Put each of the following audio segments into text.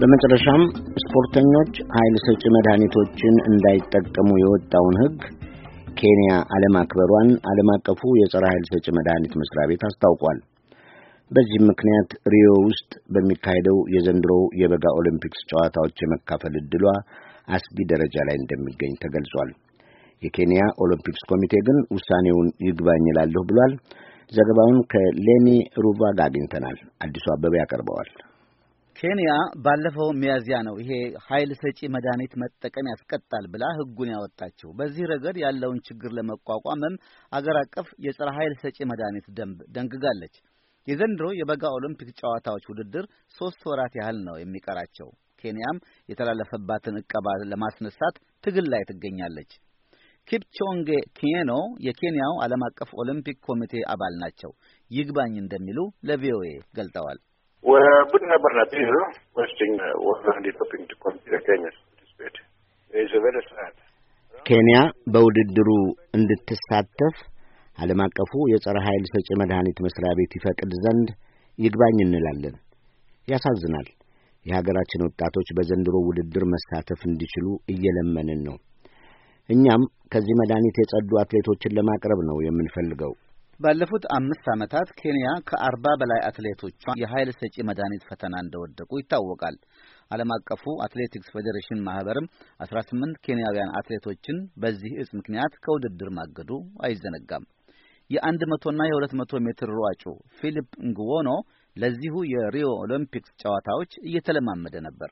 በመጨረሻም ስፖርተኞች ኃይል ሰጪ መድኃኒቶችን እንዳይጠቀሙ የወጣውን ሕግ ኬንያ አለማክበሯን ዓለም አቀፉ የጸረ ኃይል ሰጪ መድኃኒት መስሪያ ቤት አስታውቋል። በዚህም ምክንያት ሪዮ ውስጥ በሚካሄደው የዘንድሮው የበጋ ኦሊምፒክስ ጨዋታዎች የመካፈል ዕድሏ አስጊ ደረጃ ላይ እንደሚገኝ ተገልጿል። የኬንያ ኦሎምፒክስ ኮሚቴ ግን ውሳኔውን ይግባኝ እላለሁ ብሏል። ዘገባውን ከሌኒ ሩቫጋ አግኝተናል። አዲሱ አበበ ያቀርበዋል። ኬንያ ባለፈው ሚያዝያ ነው ይሄ ኃይል ሰጪ መድኃኒት መጠቀም ያስቀጣል ብላ ሕጉን ያወጣችው። በዚህ ረገድ ያለውን ችግር ለመቋቋምም አገር አቀፍ የጸረ ኃይል ሰጪ መድኃኒት ደንብ ደንግጋለች። የዘንድሮ የበጋ ኦሎምፒክ ጨዋታዎች ውድድር ሶስት ወራት ያህል ነው የሚቀራቸው። ኬንያም የተላለፈባትን እቀባ ለማስነሳት ትግል ላይ ትገኛለች። ኪፕቾንጌ ኪዬኖ የኬንያው ዓለም አቀፍ ኦሎምፒክ ኮሚቴ አባል ናቸው። ይግባኝ እንደሚሉ ለቪኦኤ ገልጠዋል። ኬንያ በውድድሩ እንድትሳተፍ ዓለም አቀፉ የጸረ ኃይል ሰጪ መድኃኒት መስሪያ ቤት ይፈቅድ ዘንድ ይግባኝ እንላለን። ያሳዝናል። የሀገራችን ወጣቶች በዘንድሮ ውድድር መሳተፍ እንዲችሉ እየለመንን ነው። እኛም ከዚህ መድኃኒት የጸዱ አትሌቶችን ለማቅረብ ነው የምንፈልገው። ባለፉት አምስት ዓመታት ኬንያ ከአርባ በላይ አትሌቶቿ የኃይል ሰጪ መድኃኒት ፈተና እንደወደቁ ይታወቃል። ዓለም አቀፉ አትሌቲክስ ፌዴሬሽን ማህበርም አስራ ስምንት ኬንያውያን አትሌቶችን በዚህ እጽ ምክንያት ከውድድር ማገዱ አይዘነጋም። የአንድ መቶና የሁለት መቶ ሜትር ሯጩ ፊሊፕ ንግዎኖ ለዚሁ የሪዮ ኦሎምፒክስ ጨዋታዎች እየተለማመደ ነበር።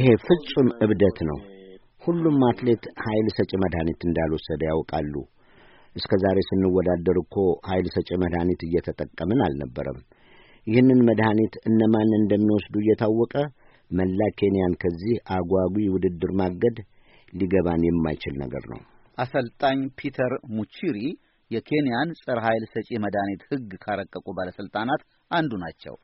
ይሄ ፍጹም እብደት ነው። ሁሉም አትሌት ኃይል ሰጪ መድኃኒት እንዳልወሰደ ያውቃሉ። እስከ ዛሬ ስንወዳደር እኮ ኃይል ሰጪ መድኃኒት እየተጠቀምን አልነበረም። ይህንን መድኃኒት እነማን እንደሚወስዱ እየታወቀ መላ ኬንያን ከዚህ አጓጊ ውድድር ማገድ ሊገባን የማይችል ነገር ነው። አሰልጣኝ ፒተር ሙቺሪ የኬንያን ጸረ ኃይል ሰጪ መድኃኒት ሕግ ካረቀቁ ባለስልጣናት አንዱ ናቸው።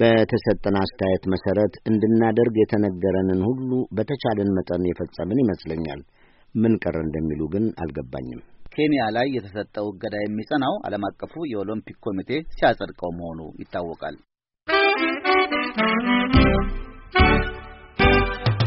በተሰጠን አስተያየት መሰረት እንድናደርግ የተነገረንን ሁሉ በተቻለን መጠን የፈጸምን ይመስለኛል። ምን ቀረ እንደሚሉ ግን አልገባኝም። ኬንያ ላይ የተሰጠው እገዳ የሚጸናው ዓለም አቀፉ የኦሎምፒክ ኮሚቴ ሲያጸድቀው መሆኑ ይታወቃል። Thank you.